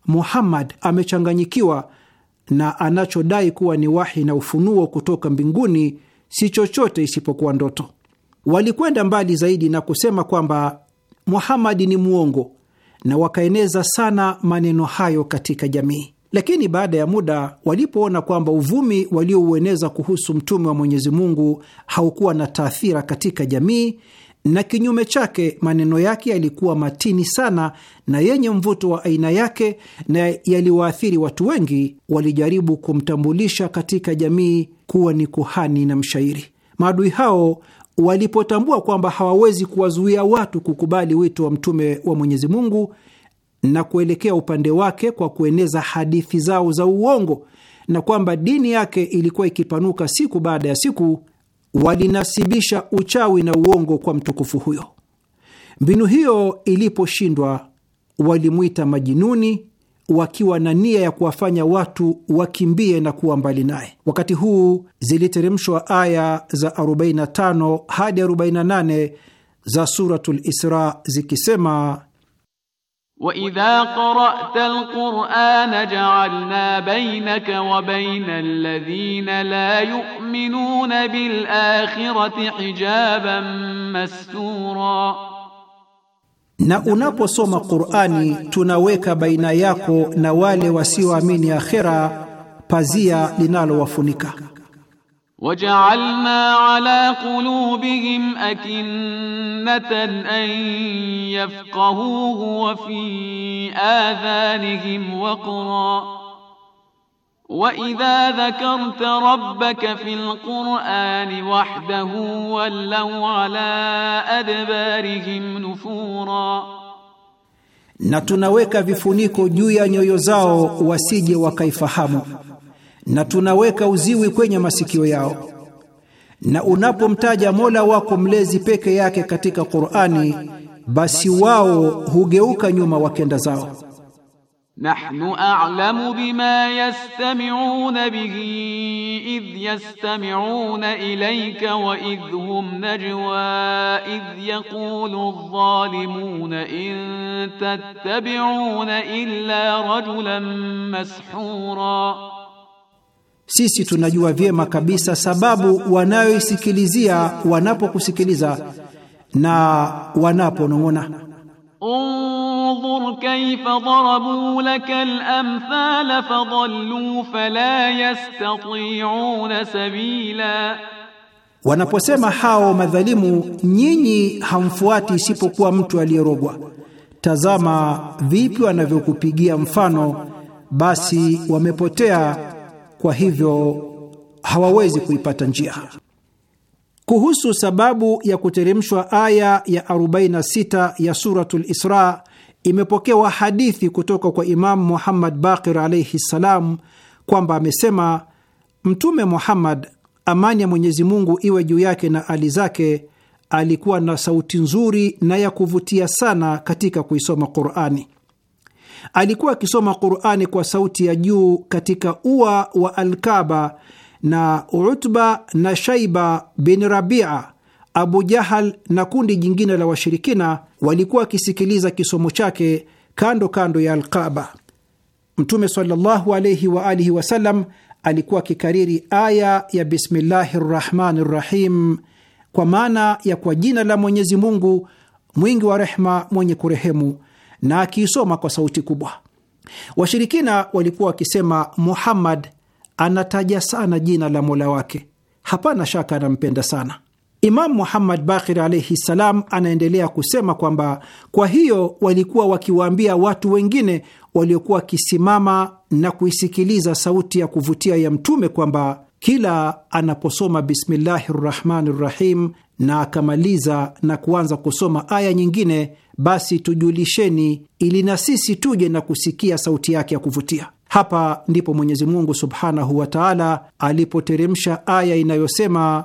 Muhammad amechanganyikiwa na anachodai kuwa ni wahi na ufunuo kutoka mbinguni si chochote isipokuwa ndoto. Walikwenda mbali zaidi na kusema kwamba Muhamadi ni mwongo na wakaeneza sana maneno hayo katika jamii. Lakini baada ya muda, walipoona kwamba uvumi walioueneza kuhusu mtume wa Mwenyezi Mungu haukuwa na taathira katika jamii, na kinyume chake, maneno yake yalikuwa matini sana na yenye mvuto wa aina yake na yaliwaathiri watu wengi, walijaribu kumtambulisha katika jamii kuwa ni kuhani na mshairi. Maadui hao walipotambua kwamba hawawezi kuwazuia watu kukubali wito wa mtume wa Mwenyezi Mungu na kuelekea upande wake kwa kueneza hadithi zao za uongo na kwamba dini yake ilikuwa ikipanuka siku baada ya siku, walinasibisha uchawi na uongo kwa mtukufu huyo. Mbinu hiyo iliposhindwa, walimwita majinuni wakiwa na nia ya kuwafanya watu wakimbie na kuwa mbali naye. Wakati huu ziliteremshwa aya za 45 hadi 48 za Suratul Isra zikisema: Waidha qara'ta alqur'ana ja'alna bainaka wa baina alladhina la yu'minuna bil akhirati hijaban mastura na unaposoma Qur'ani tunaweka baina yako na wale wasioamini akhera pazia linalowafunika. Waja'alna ala qulubihim akinnatan an yafqahuhu wa fi adhanihim waqra وإذا ذكرت ربك في القرآن وحده ولوا على أدبارهم نفورا na tunaweka vifuniko juu ya nyoyo zao wasije wakaifahamu, na tunaweka uziwi kwenye masikio yao. Na unapomtaja Mola wako mlezi peke yake katika Qur'ani, basi wao hugeuka nyuma wakenda zao. Nahnu a'lamu bima yastami'una bihi idh yastami'una ilayka wa idh hum najwa idh yaqulu adh-dhalimuna in tattabi'una illa rajulan mashura, sisi tunajua vyema kabisa sababu wanayoisikilizia wanapokusikiliza na wanaponong'ona. Undhur kaifa darabu laka al-amthala fadhallu fala yastati'una sabila, wanaposema hao madhalimu, nyinyi hamfuati isipokuwa mtu aliyerogwa. Tazama vipi wanavyokupigia mfano, basi wamepotea, kwa hivyo hawawezi kuipata njia. Kuhusu sababu ya kuteremshwa aya ya 46 ya suratul Isra imepokewa hadithi kutoka kwa Imamu Muhammad Bakir alaihi ssalam kwamba amesema Mtume Muhammad, amani ya Mwenyezi Mungu iwe juu yake na ali zake, alikuwa na sauti nzuri na ya kuvutia sana katika kuisoma Qurani. Alikuwa akisoma Qurani kwa sauti ya juu katika ua wa Alkaba, na Utba na Shaiba bin Rabia Abu Jahal na kundi jingine la washirikina walikuwa wakisikiliza kisomo chake kando kando ya Alqaba. Mtume sallallahu alayhi wa alihi wasallam alikuwa akikariri aya ya bismillahi rrahmani rrahim, kwa maana ya kwa jina la Mwenyezi Mungu mwingi wa rehma mwenye kurehemu, na akiisoma kwa sauti kubwa. Washirikina walikuwa wakisema, Muhammad anataja sana jina la mola wake, hapana shaka anampenda sana. Imamu Muhammad Bakir alaihi ssalam anaendelea kusema kwamba kwa hiyo walikuwa wakiwaambia watu wengine waliokuwa wakisimama na kuisikiliza sauti ya kuvutia ya Mtume kwamba kila anaposoma bismillahi rrahmani rrahim na akamaliza na kuanza kusoma aya nyingine, basi tujulisheni, ili na sisi tuje na kusikia sauti yake ya kuvutia. Hapa ndipo Mwenyezi Mungu subhanahu wa taala alipoteremsha aya inayosema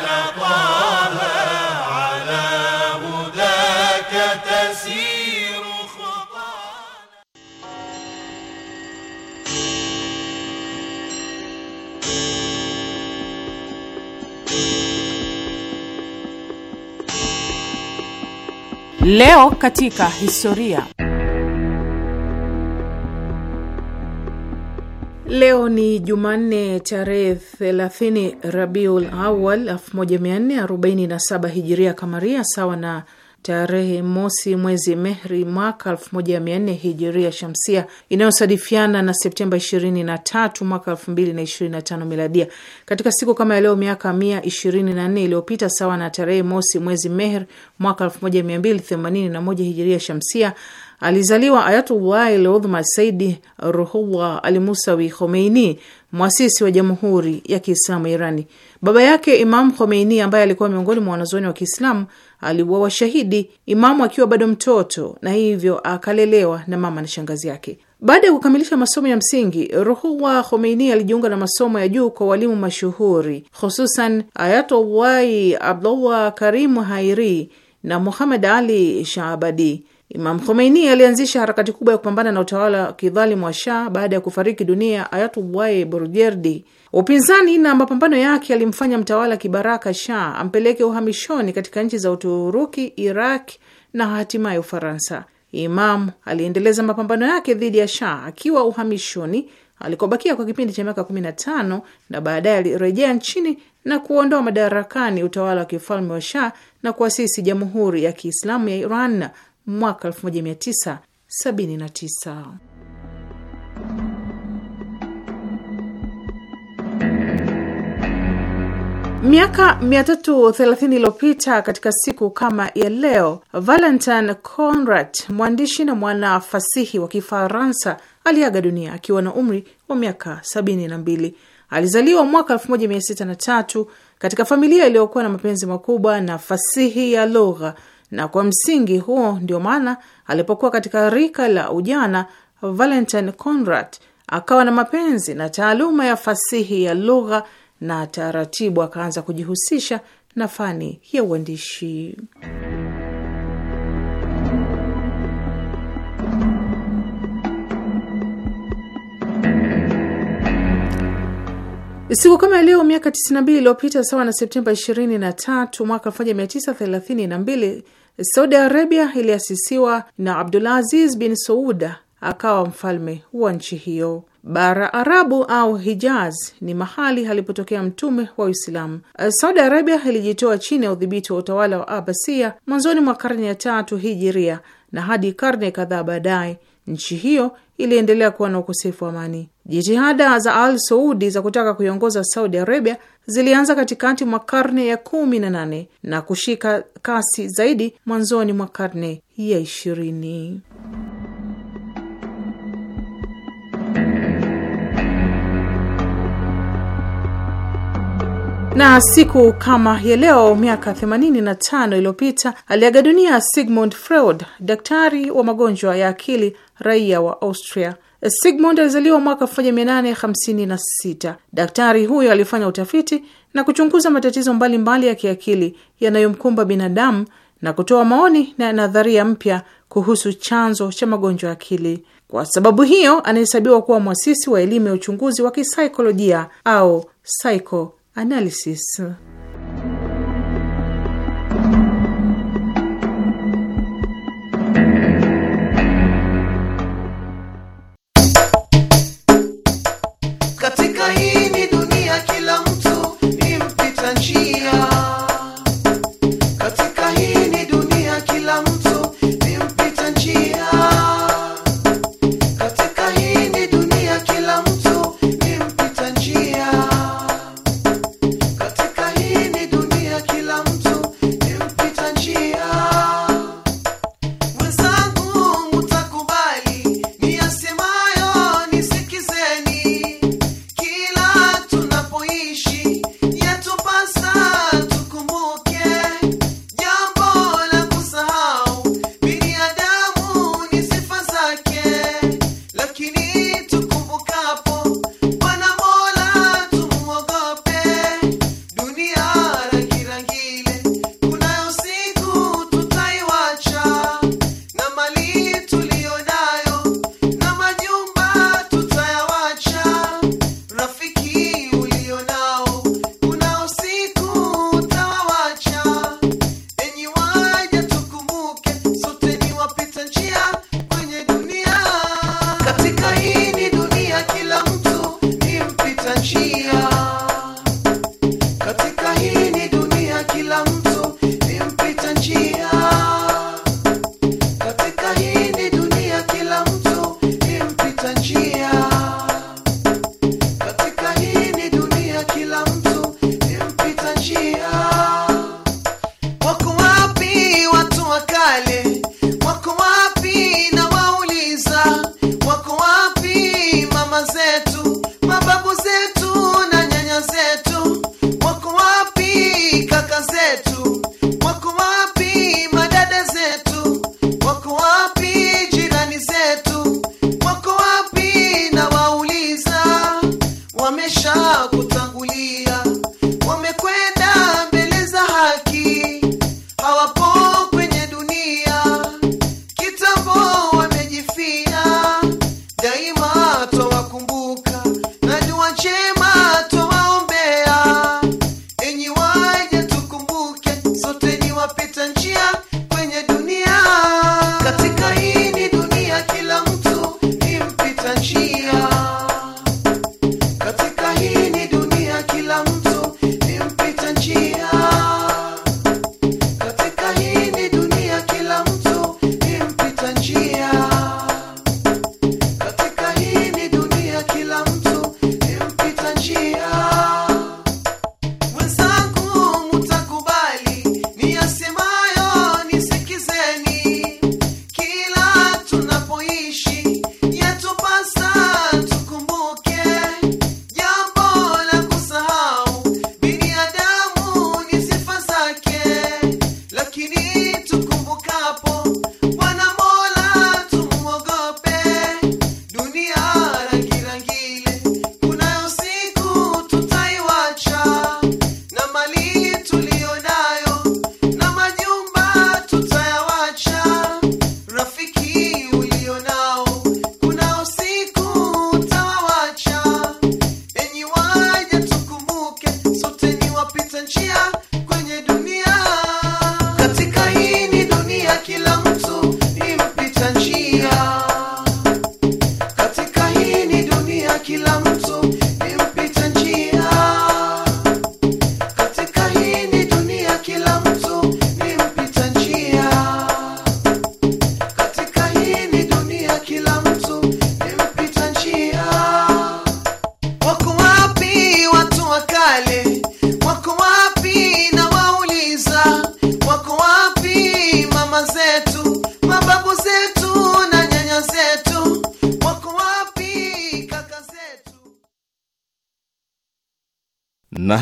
Leo katika historia. Leo ni Jumanne tarehe 30 Rabiul Awal 1447 Hijiria Kamaria, sawa na tarehe mosi mwezi Mehri mwaka 1400 hijiria shamsia inayosadifiana na Septemba 23 mwaka 2025 miladia. Katika siku kama ya leo miaka 124 iliyopita, sawa na tarehe mosi mwezi Mehri mwaka 1281 hijiria shamsia alizaliwa Ayatullahi ludhma Saidi Ruhullah Al Musawi Khomeini, mwasisi wa Jamhuri ya Kiislamu Irani. Baba yake Imam Khomeini, ambaye alikuwa miongoni mwa wanazuoni wa Kiislamu, aliuawa shahidi, Imamu akiwa bado mtoto, na hivyo akalelewa na mama na shangazi yake. Baada ya kukamilisha masomo ya msingi, Ruhullah Khomeini alijiunga na masomo ya juu kwa walimu mashuhuri, hususan Ayatollahi Abdullah Karimu Hairi na Muhammad Ali Shaabadi. Imam Khomeini alianzisha harakati kubwa ya kupambana na utawala wa kidhalimu wa Shah baada ya kufariki dunia Ayatullahi Burjerdi Upinzani na mapambano yake yalimfanya mtawala kibaraka Shah ampeleke uhamishoni katika nchi za Uturuki, Iraq na hatimaye Ufaransa. imam aliendeleza mapambano yake dhidi ya Shah akiwa uhamishoni alikobakia kwa kipindi cha miaka 15 na baadaye alirejea nchini na kuondoa madarakani utawala wa kifalme wa Shah na kuasisi Jamhuri ya Kiislamu ya Iran mwaka 1979. Miaka 330 iliyopita katika siku kama ya leo, Valentin Conrad, mwandishi na mwana fasihi wa Kifaransa, aliaga dunia akiwa na umri wa miaka 72. Alizaliwa mwaka 1603 katika familia iliyokuwa na mapenzi makubwa na fasihi ya lugha, na kwa msingi huo ndio maana alipokuwa katika rika la ujana, Valentin Conrad akawa na mapenzi na taaluma ya fasihi ya lugha na taratibu akaanza kujihusisha na fani ya uandishi. Siku kama leo miaka 92 iliyopita, sawa na Septemba 23 mwaka 1932, Saudi Arabia iliasisiwa na Abdulaziz bin Sauda akawa mfalme wa nchi hiyo. Bara Arabu au Hijaz ni mahali alipotokea mtume wa Uislamu. Eh, Saudi Arabia ilijitoa chini ya udhibiti wa utawala wa Abasia mwanzoni mwa karne ya tatu hijiria, na hadi karne kadhaa baadaye nchi hiyo iliendelea kuwa na ukosefu wa amani. Jitihada za Al Saudi za kutaka kuiongoza Saudi Arabia zilianza katikati mwa karne ya kumi na nane na kushika kasi zaidi mwanzoni mwa karne ya ishirini. Na siku kama ya leo miaka 85 iliyopita aliaga dunia Sigmund Freud, daktari wa magonjwa ya akili, raia wa Austria. Sigmund alizaliwa mwaka 1856. Daktari huyo alifanya utafiti na kuchunguza matatizo mbalimbali mbali ya kiakili yanayomkumba binadamu na kutoa maoni na nadharia mpya kuhusu chanzo cha magonjwa ya akili. Kwa sababu hiyo, anahesabiwa kuwa mwasisi wa elimu ya uchunguzi wa kisaikolojia au psycho análisis.